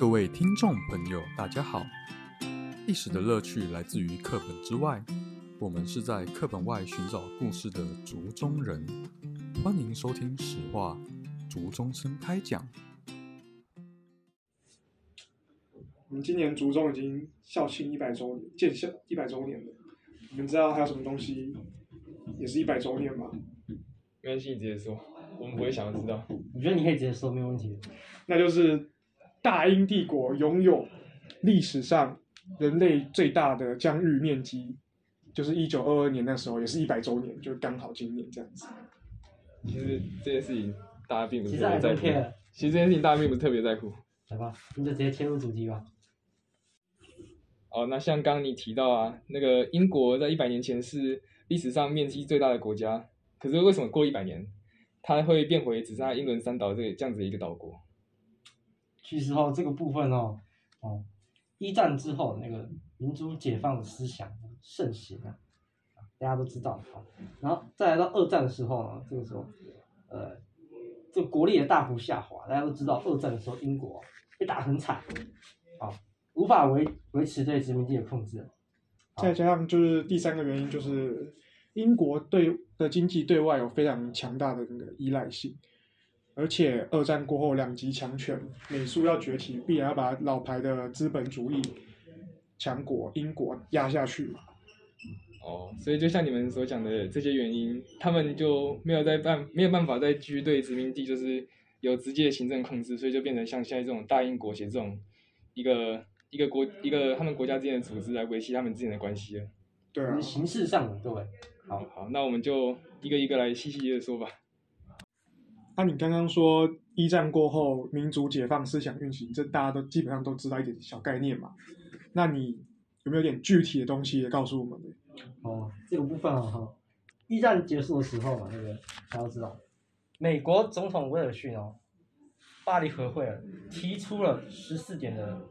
各位聽眾朋友，大家好！歷史的樂趣來自於課本之外，我們是在課本外尋找故事的竹中人。歡迎收聽《史話竹中生開講》。我們今年竹中已經校慶一百周年，建校一百周年了。你們知道還有什麼東西也是一百周年嗎？沒關係，你直接說，我們不會想要知道。我覺得你可以直接說，沒有問題。那就是。大英帝國擁有歷史上人類最大的疆域面積，就是一九二二年那時候，也是一百周年，就是剛好今年這樣子。其實這件事情大家並不特別在乎。其實，其實這件事情大家並不特別在乎。來吧，你就直接切入主題吧。哦，那像剛，剛你提到啊，那個英國在一百年前是歷史上面積最大的國家，可是為什麼過一百年，它會變回只剩下英倫三島這這樣子的一個島國？其實後這個部分哦，哦，一戰之後那個民族解放的思想盛行啊，啊，大家都知道啊，然後再來到二戰的時候呢，這個時候，呃，這個、國力也大幅下滑，大家都知道二戰的時候英國、喔、被打得很慘，啊，無法維維持對殖民地的控制，再加上就是第三個原因就是英國對的經濟對外有非常強大的那個依賴性。而且二戰過後，兩極強權，美蘇要崛起，必然要把老牌的資本主義強國英國壓下去嘛。哦，oh, 所以就像你們所講的這些原因，他們就沒有在辦，沒有辦法再繼續對殖民地就是有直接的行政控制，所以就變成像現在這種大英國協這種一個一個國一個他們國家之間的組織來維繫他們之間的關係了。對啊。形式上的，對。好好，那我們就一個一個來細細的說吧。那、啊、你剛剛說一戰過後民族解放思想運行，這大家都基本上都知道一點小概念嘛？那你有沒有點具體的東西也告訴我們呢？哦，這個部分啊、哦、哈，一戰結束的時候嘛，這、那個大家知道，美國總統威爾遜哦，巴黎和會提出了十四點的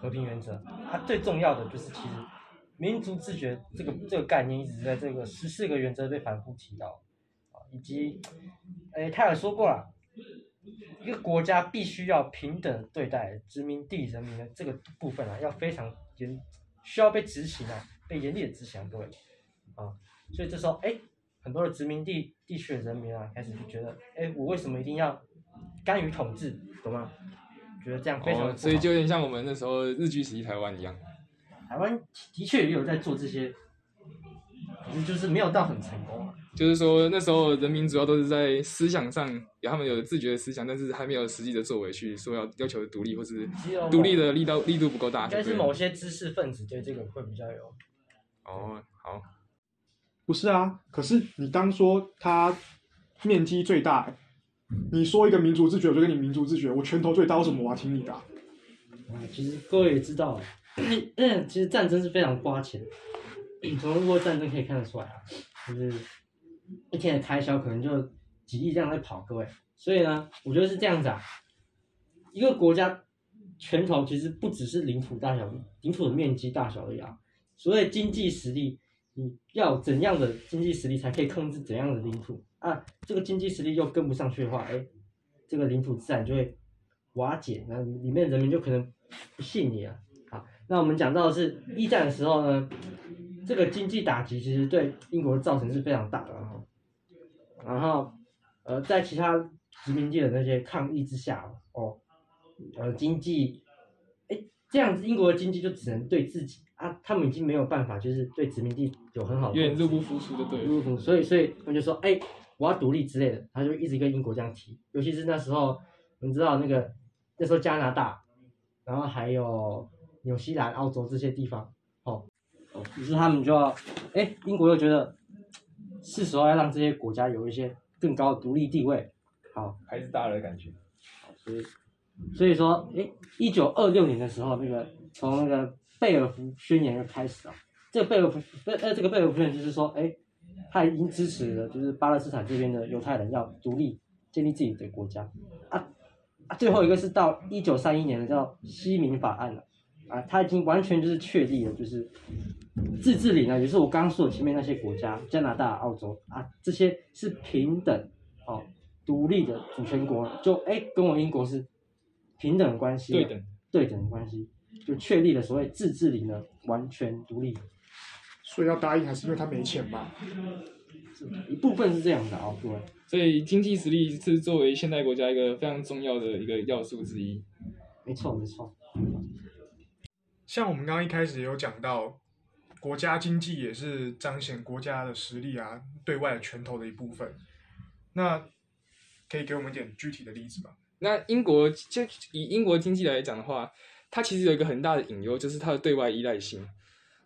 和平原則，它、啊、最重要的就是其實民族自決這個這個概念一直在這個十四個原則被反覆提到。以及，哎，他也說過了、啊，一個國家必須要平等對待殖民地人民的這個部分啊，要非常嚴，需要被執行啊，被嚴厲的執行、啊，各位，啊、哦，所以這時候，哎，很多的殖民地地區的人民啊，開始就覺得，哎，我為什麼一定要甘於統治，懂嗎？覺得這樣非常、哦，所以就有點像我們那時候日據時期台灣一樣，台灣的確也有在做這些，可是就是沒有到很成功、啊。就是說，那時候人民主要都是在思想上有他們有自覺的思想，但是還沒有實際的作為去說要要求獨立，或是獨立的力道力度不夠大。但是某些知識分子對這個會比較有。哦，好。不是啊，可是你剛說它面積最大，你說一個民族自覺，我就跟你民族自覺，我拳頭最大，為什麼我要聽你的？啊、嗯，其實各位也知道咳咳，其實戰爭是非常花錢，從如果戰爭可以看得出來啊，就是。一天的開銷可能就幾億這樣在跑，各位，所以呢，我覺得是這樣子啊，一個國家，拳頭其實不只是領土大小，領土的面積大小而已啊。所謂經濟實力，你要怎樣的經濟實力才可以控制怎樣的領土啊？這個經濟實力又跟不上去的話，誒，這個領土自然就會瓦解，那、啊、裡面人民就可能不信你了啊，好。那我們講到的是一戰的時候呢？這個經濟打擊其實對英國的造成是非常大的，哦，然後，呃，在其他殖民地的那些抗議之下，哦，呃，經濟，哎，這樣子英國的經濟就只能對自己啊，他們已經沒有辦法，就是對殖民地有很好的，入不敷出的對，入不敷，所以所以他們就說，哎，我要獨立之類的，他就一直跟英國這樣提，尤其是那時候，你知道那個，那時候加拿大，然後還有紐西蘭、澳洲這些地方，哦。於是他們就要，哎、欸，英國又覺得是時候要讓這些國家有一些更高的獨立地位，好，還是大人的感覺。好，所以，所以說，哎、欸，一九二六年的時候，那個從那個貝爾福宣言就開始了、啊。這個貝爾福，這這個貝爾福宣言就是說，哎、欸，他已經支持了，就是巴勒斯坦這邊的猶太人要獨立建立自己的國家。啊，啊，最後一個是到一九三一年的叫西敏法案了、啊。啊，他已經完全就是確立了，就是。自治領呢，也是我剛剛說的前面那些國家，加拿大、澳洲啊，這些是平等哦，獨立的主權國，就哎，跟我英國是平等的關係，對等，對等的關係，就確立了所謂自治領的完全獨立。所以要答應，還是因為他沒錢嘛？一部分是這樣的哦，對，所以經濟實力是作為現代國家一個非常重要的一個要素之一。沒錯，沒錯。像我們剛剛一開始有講到。國家經濟也是彰顯國家的實力啊，對外的拳頭的一部分。那可以給我們一點具體的例子吧？那英國就以英國經濟來講的話，它其實有一個很大的隱憂，就是它的對外依賴性。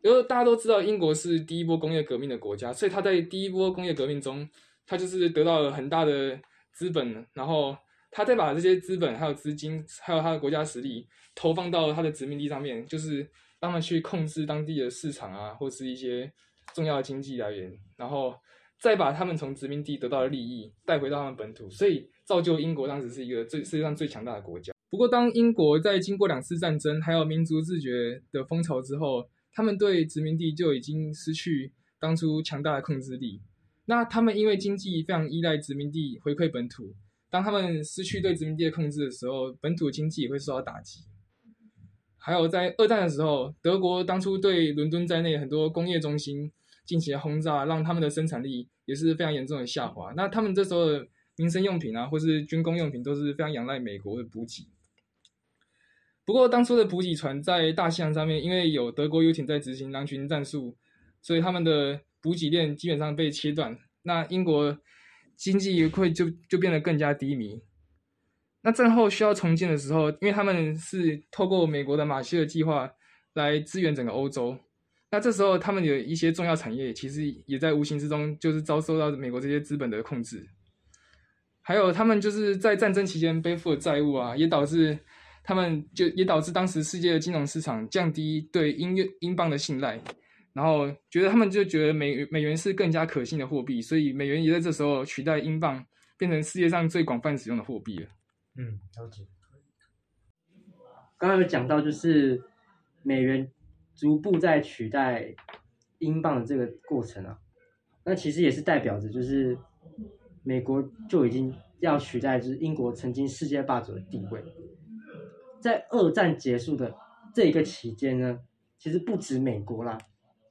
因為大家都知道，英國是第一波工業革命的國家，所以它在第一波工業革命中，它就是得到了很大的資本，然後它再把這些資本、還有資金、還有它的國家實力，投放到了它的殖民地上面，就是。他們去控制當地的市場啊，或是一些重要的經濟來源，然後再把他們從殖民地得到的利益帶回到他們本土，所以造就英國當時是一個最世界上最強大的國家。不過，當英國在經過兩次戰爭，還有民族自決的風潮之後，他們對殖民地就已經失去當初強大的控制力。那他們因為經濟非常依賴殖民地回饋本土，當他們失去對殖民地的控制的時候，本土經濟也會受到打擊。還有在二戰的時候，德國當初對倫敦在內很多工業中心進行轟炸，讓他們的生產力也是非常嚴重的下滑。那他們這時候的民生用品啊，或是軍工用品都是非常仰賴美國的補給。不過當初的補給船在大西洋上面，因為有德國 U 艇在執行狼群戰術，所以他們的補給鏈基本上被切斷。那英國經濟也會就就變得更加低迷。那戰後需要重建的時候，因為他們是透過美國的馬歇爾計劃來支援整個歐洲，那這時候他們有一些重要產業，其實也在無形之中就是遭受到美國這些資本的控制。還有他們就是在戰爭期間背負的債務啊，也導致他們就也導致當時世界的金融市場降低對英英鎊的信賴，然後覺得他們就覺得美美元是更加可信的貨幣，所以美元也在這時候取代英鎊，變成世界上最廣泛使用的貨幣了。嗯，了解。剛剛有講到，就是美元逐步在取代英鎊的這個過程啊，那其實也是代表着，就是美國就已經要取代就是英國曾經世界霸主的地位。在二戰結束的這一個期間呢，其實不止美國啦，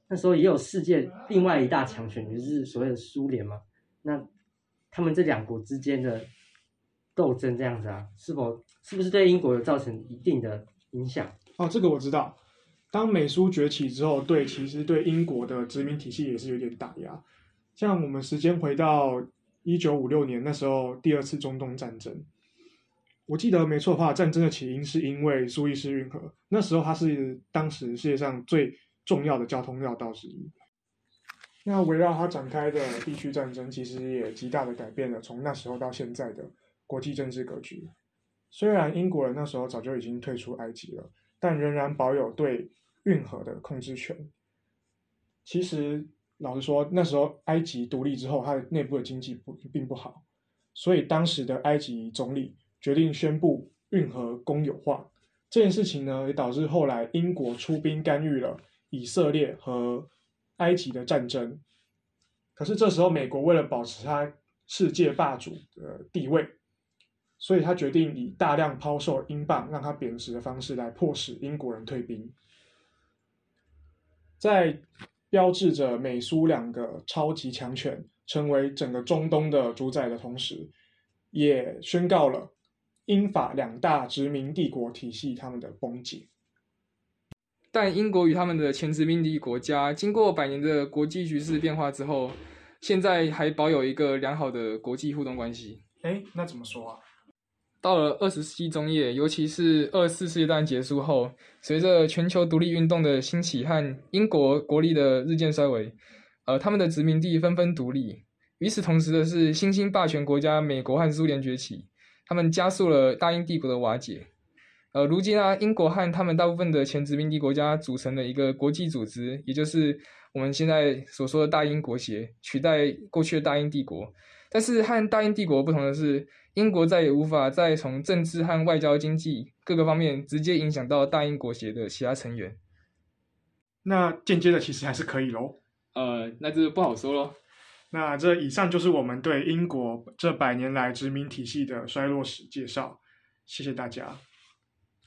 那時候也有世界另外一大強權，就是所謂的蘇聯嘛。那他們這兩國之間的。鬥爭這樣子啊，是否，是不是對英國有造成一定的影響？哦，這個我知道。當美蘇崛起之後，對，其實對英國的殖民體系也是有點打壓。像我們時間回到一九五六年，那時候第二次中東戰爭，我記得沒錯的話，戰爭的起因是因為蘇伊士運河，那時候它是當時世界上最重要的交通要道之一。那圍繞它展開的地區戰爭，其實也極大的改變了，從那時候到現在的國際政治格局，雖然英國人那時候早就已經退出埃及了，但仍然保有對運河的控制權。其實，老實說，那時候埃及獨立之後，它的內部的經濟不並不好，所以當時的埃及總理決定宣布運河公有化。這件事情呢，也導致後來英國出兵干預了以色列和埃及的戰爭。可是這時候，美國為了保持它世界霸主的地位。所以他決定以大量拋售英鎊，讓它貶值的方式來迫使英國人退兵。在標誌着美蘇兩個超級強權成為整個中東的主宰的同時，也宣告了英法兩大殖民帝國體系他們的崩解。但英國與他們的前殖民地國家，經過百年的國際局勢變化之後，嗯、現在還保有一個良好的國際互動關係。誒，那怎麼說啊？到了二十世紀中葉，尤其是二次世界大戰結束後，隨着全球獨立運動的興起和英國國力的日漸衰微，呃，他們的殖民地紛紛獨立。與此同時的是，新興霸權國家美國和蘇聯崛起，他們加速了大英帝國的瓦解。呃，如今呢、啊，英國和他們大部分的前殖民地國家組成了一個國際組織，也就是我們現在所說的大英國協，取代過去的大英帝國。但是和大英帝國不同的是，英國再也無法再從政治和外交、經濟各個方面直接影響到大英國協的其他成員。那間接的其實還是可以嘍。呃，那這就不好說嘍。那這以上就是我們對英國這百年來殖民體系的衰落史介紹。謝謝大家。